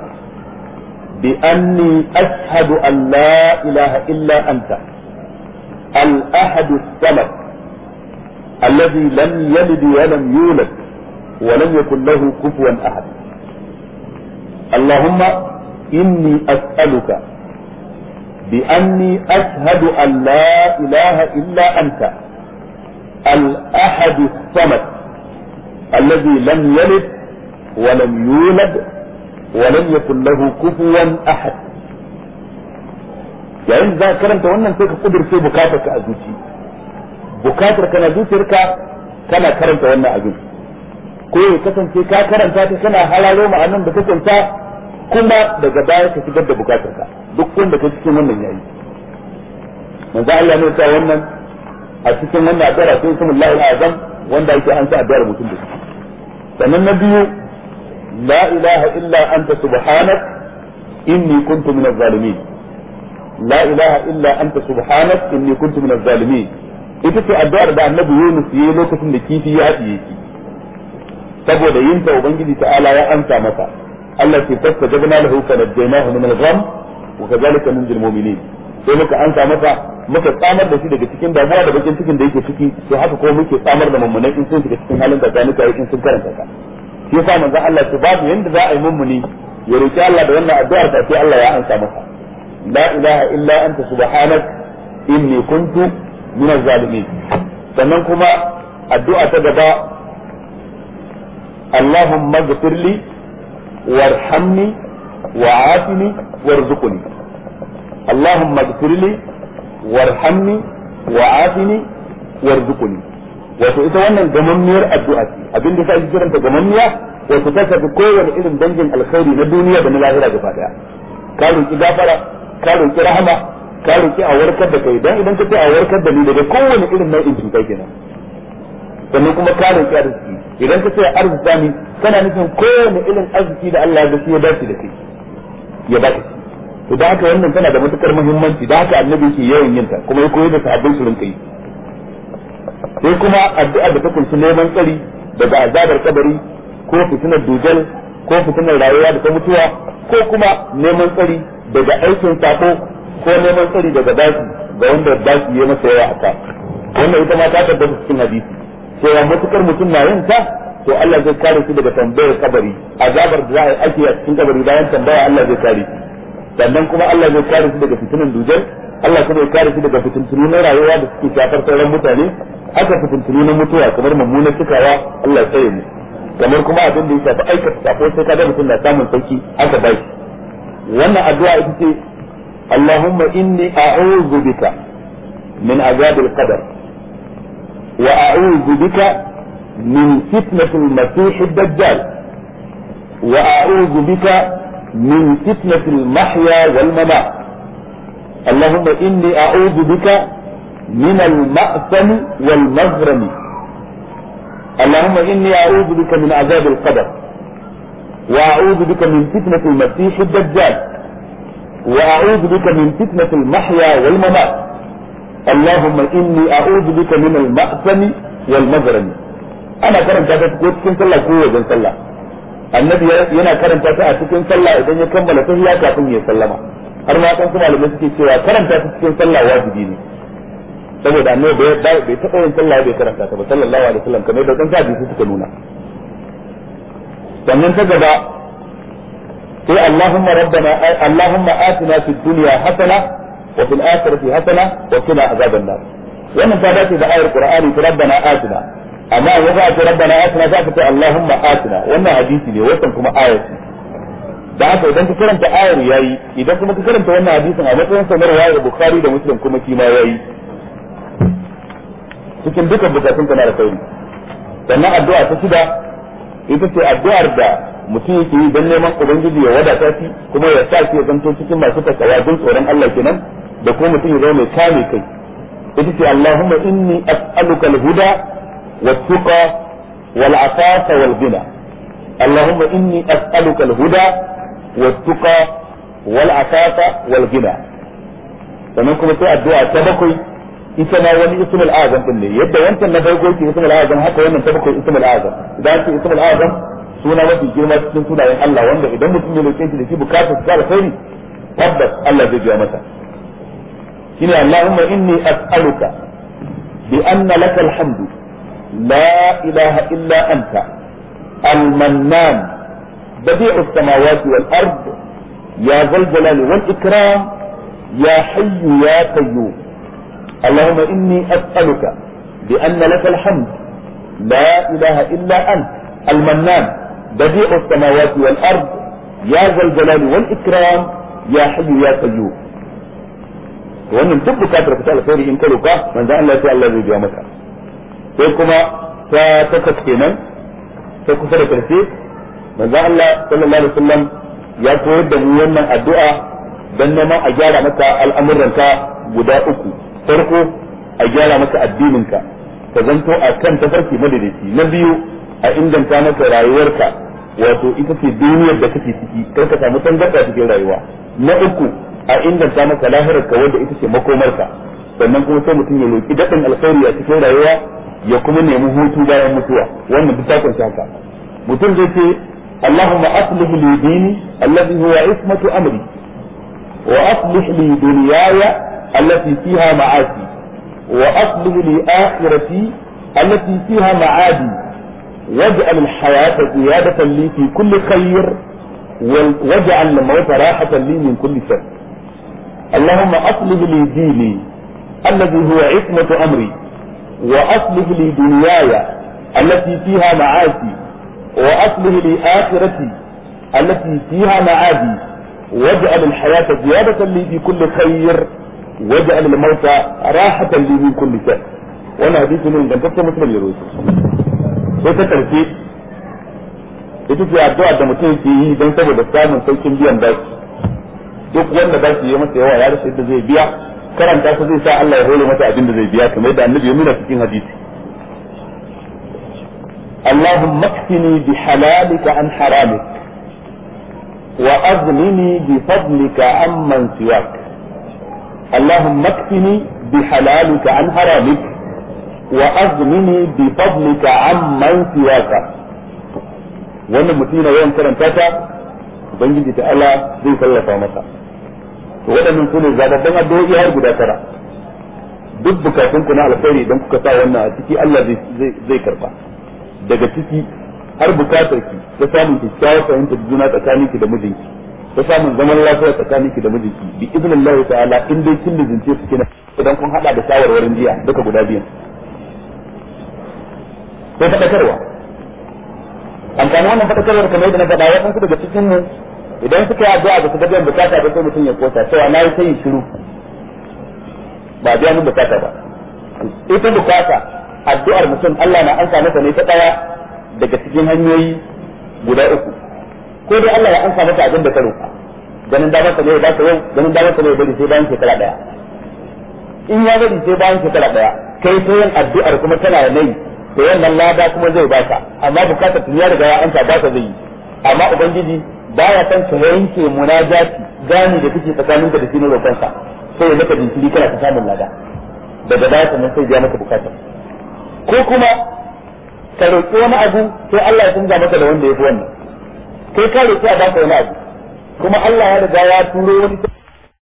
bi anni ashhadu an la ilaha illa anta al-ahad as-samad الذي لم يلد ولم يولد ولم يكن له كفوا أحد اللهم إني أسألك بأني أشهد أن لا إله إلا أنت الأحد الصمد الذي لم يلد ولم يولد ولم يكن له كفوا أحد yayin da karanta wannan sai ka kudurce bukatarka a zuci bukatarka na zuciyarka kana karanta wannan abin ko ya kasance ka karanta ta kana halalo ma'anan da ta kyauta kuma daga baya ka shigar da bukatar ka duk wanda ka cikin wannan yayi manzo Allah ne ya wannan a cikin wannan addu'a sai kuma Allahu azam wanda yake an sa addu'ar mutum da shi sannan na biyu la ilaha illa anta subhanak inni kuntu minaz zalimin la ilaha illa anta subhanak inni kuntu minaz zalimin ita ce addu'ar da annabi Yunus yayi lokacin da kifi ya haɗiye ki saboda yin ta ubangiji ala ya amsa masa Allah ke fasta jabna lahu fa najaynahu min al-gham wa kadhalika min al-mu'minin sai muka amsa masa muka tsamar da shi daga cikin damuwa da bakin cikin da yake ciki to haka ko muke tsamar da mummunai in sun shiga cikin halin da ta nuka in sun karanta ka shi yasa manzo Allah ce babu yanda za a yi mummuni ya roki Allah da wannan addu'ar ta sai Allah ya amsa masa la ilaha illa anta subhanak inni kuntu min az-zalimin sannan kuma addu'a ta gaba اللهم اغفر لي وارحمني وعافني وارزقني اللهم اغفر لي وارحمني وعافني وارزقني wato ita wannan gamammiyar addu'a ce abin da sai kiranta gamammiya wato ta tafi kowane irin dangin alkhairi na duniya da na lahira gaba daya ka roki gafara ka roki rahama ka roki a warkar da kai dan idan ka ce a warkar da ni daga kowane irin nau'in cuta kenan sannan kuma ka roki arziki idan ka ce arzuta ni kana nufin kowane irin arziki da Allah ya ya dace da kai ya baka to da haka wannan tana da matukar muhimmanci da haka annabi yake yawan yin ta kuma ya koyar da sahabbai su rinka yi sai kuma addu'a da ta kunshi neman tsari daga azabar kabari ko fitinar dujal ko fitinar rayuwa da ta mutuwa ko kuma neman tsari daga aikin sako ko neman tsari daga baki ga wanda baki ya masa yawa a ka wannan ita ma ta tabbata cikin hadisi cewa matukar mutum na yin ta to Allah zai kare su daga tambayar kabari azabar da za a ake a cikin kabari bayan tambaya Allah zai kare shi sannan kuma Allah zai kare su daga fitinan dujal Allah kuma ya kare su daga fitintunu na rayuwa da suke shafar sauran mutane haka fitintunu na mutuwa kamar mummunan cikawa Allah ya mu kamar kuma abin da ya shafi aikata sako sai kaga mutum na samun sauki aka bai wannan addu'a ita ce Allahumma inni a'udhu bika min azabil kadar. وأعوذ بك من فتنة المسيح الدجال وأعوذ بك من فتنة المحيا والممات اللهم إني أعوذ بك من المأثم والمغرم اللهم إني أعوذ بك من عذاب القبر وأعوذ بك من فتنة المسيح الدجال وأعوذ بك من فتنة المحيا والممات اللهم إني أعوذ بك من المأثم والمغرم أنا كرم تاتا cikin sallah ko a ma ne saboda annabi bai bai yin sallah bai karanta ta ba sallallahu alaihi wasallam kamar da kanta suka nuna sannan ta gaba sai Allahumma rabbana Allahumma atina fid dunya hasana wa fil akhirati hasana wa a azaban nar wannan ta dace da ayar qur'ani ta rabbana atina amma ya ga ta rabbana atina za ka wannan hadisi ne kuma ayar da haka idan ka karanta ayar yayi idan kuma ka karanta wannan hadisin a matsayin sanarwa da bukhari da muslim kuma kima yayi cikin dukkan bukatun na da kai sannan addu'a ta shida ita ce addu'ar da mutum yake yi don neman ubangiji ya wadata shi kuma ya sa shi ya zanto cikin masu takawa don tsoron Allah kenan da kuma mutum ya zama mai kame kai ita ce Allahumma inni as'aluka al-huda wat-tuqa wal-afafa wal-ghina Allahumma inni as'aluka al-huda wat-tuqa wal-afafa wal-ghina sannan kuma sai addu'a ta bakwai ita ma wani ismul azam din ne yadda wancan na farko yake ismul azam haka wannan ta bakwai ismul azam idan ce ismul azam suna mafi girma cikin sunayen Allah wanda idan mutum ya lokaci da shi bukatar sa da khairi tabbas Allah zai biya masa shine Allahumma inni as'aluka bi anna lakal hamdu la ilaha illa anta al-mannan badi'u as-samawati wal ard ya zal jalali wal ikram ya hayyu ya qayyum اللهم إني أسألك بأن لك الحمد لا إله إلا أنت المنان بديع السماوات والأرض يا ذا الجلال والإكرام يا حي يا قيوم wannan duk bukatar ka ta alkhairi in ka roka manzo Allah sai Allah zai biya maka sai kuma ta takas kenan sai kusa da karfe manzo Allah sallallahu alaihi wasallam ya koyar da mu wannan addu'a dan neman a gyara maka al'amuranka guda uku farko a gyara maka addininka ka zanto a kan tafarki madadaci na biyu a inganta maka rayuwarka wato ita ce duniyar da kake ciki kar ka samu tangarda cikin rayuwa na uku a inganta maka lahirarka wanda ita ce makomarka sannan kuma sai mutum ya roki daɗin alkhairi a cikin rayuwa ya kuma nemi hutu bayan mutuwa wannan duk takon shaka mutum zai ce اللهم أصلح لي ديني الذي هو عصمة أمري وأصلح لي دنياي التي فيها معاشي وأصله لآخرتي التي فيها معادي واجعل الحياة زيادة لي في كل خير واجعل الموت راحة لي من كل شر اللهم أصله لي ديني الذي هو عصمة أمري وأصله لي دنياي التي فيها معاشي وأصله لي آخرتي التي فيها معادي واجعل الحياة زيادة لي في كل خير وجعل الموتى راحة لي من كل شيء وانا حديث من انت تبقى مثل اللي رويسك سوى تترتيب يتوفي عبد الله عبد المتين في دون إيه؟ سبب السلام من سيكون بيان باس يوك وانا باس يوم سيوى يارس شيء زي بيع كرم تاس زي ساء الله يقول ما تأبين زي بيع كما يدعى النبي يومينا سكين حديثي اللهم اكتني بحلالك عن حرامك وأظلمي بفضلك عمن سواك اللهم اكفني بحلالك عن حرامك وأغنني بفضلك عمن سواك wannan mutum na yawan karanta ta ubangiji ta ala zai sallafa masa to waɗannan su ne zababban addu'o'i har guda tara duk bukatun ku na alkhairi idan kuka sa wannan a ciki Allah zai karba daga ciki har bukatar ki ta samun kyakkyawar fahimtar juna tsakaninki da mijinki da samun zaman lafiya tsakanin ki da mijinki bi idnillahi ta'ala in dai kin mijince su kina idan kun hada da shawarwarin jiya duka guda biyan ko fadakarwa amfani wannan fadakarwar kamar yadda na faɗa su daga cikin mu idan suka yi addu'a da su gajen bukata ba sai mutum ya kosa cewa na yi sai shiru ba biya mun bukata ba ita bukata addu'ar mutum Allah na ansa masa ne ta daya daga cikin hanyoyi guda uku ko dai Allah ya amsa mata abin da ka roƙa ganin damar sa ne ya baka yau ganin damar sa ne ya bari sai bayan shekara daya in ya gani sai bayan shekara daya kai ta yin addu'ar kuma tana da nayi to wannan lada kuma zai baka amma bukatar tun ya riga ya amsa ba ta zai yi amma ubangiji baya san ka yanke munajati gani da kake tsakaninka da shi ne roƙonsa sai ya maka jinkiri kana ta samun lada daga baya sannan sai ya maka bukatar ko kuma ka roƙi wani abu sai Allah ya canza maka da wanda ya fi wannan kai ka roki a baka wani abu kuma Allah ya riga ya turo wani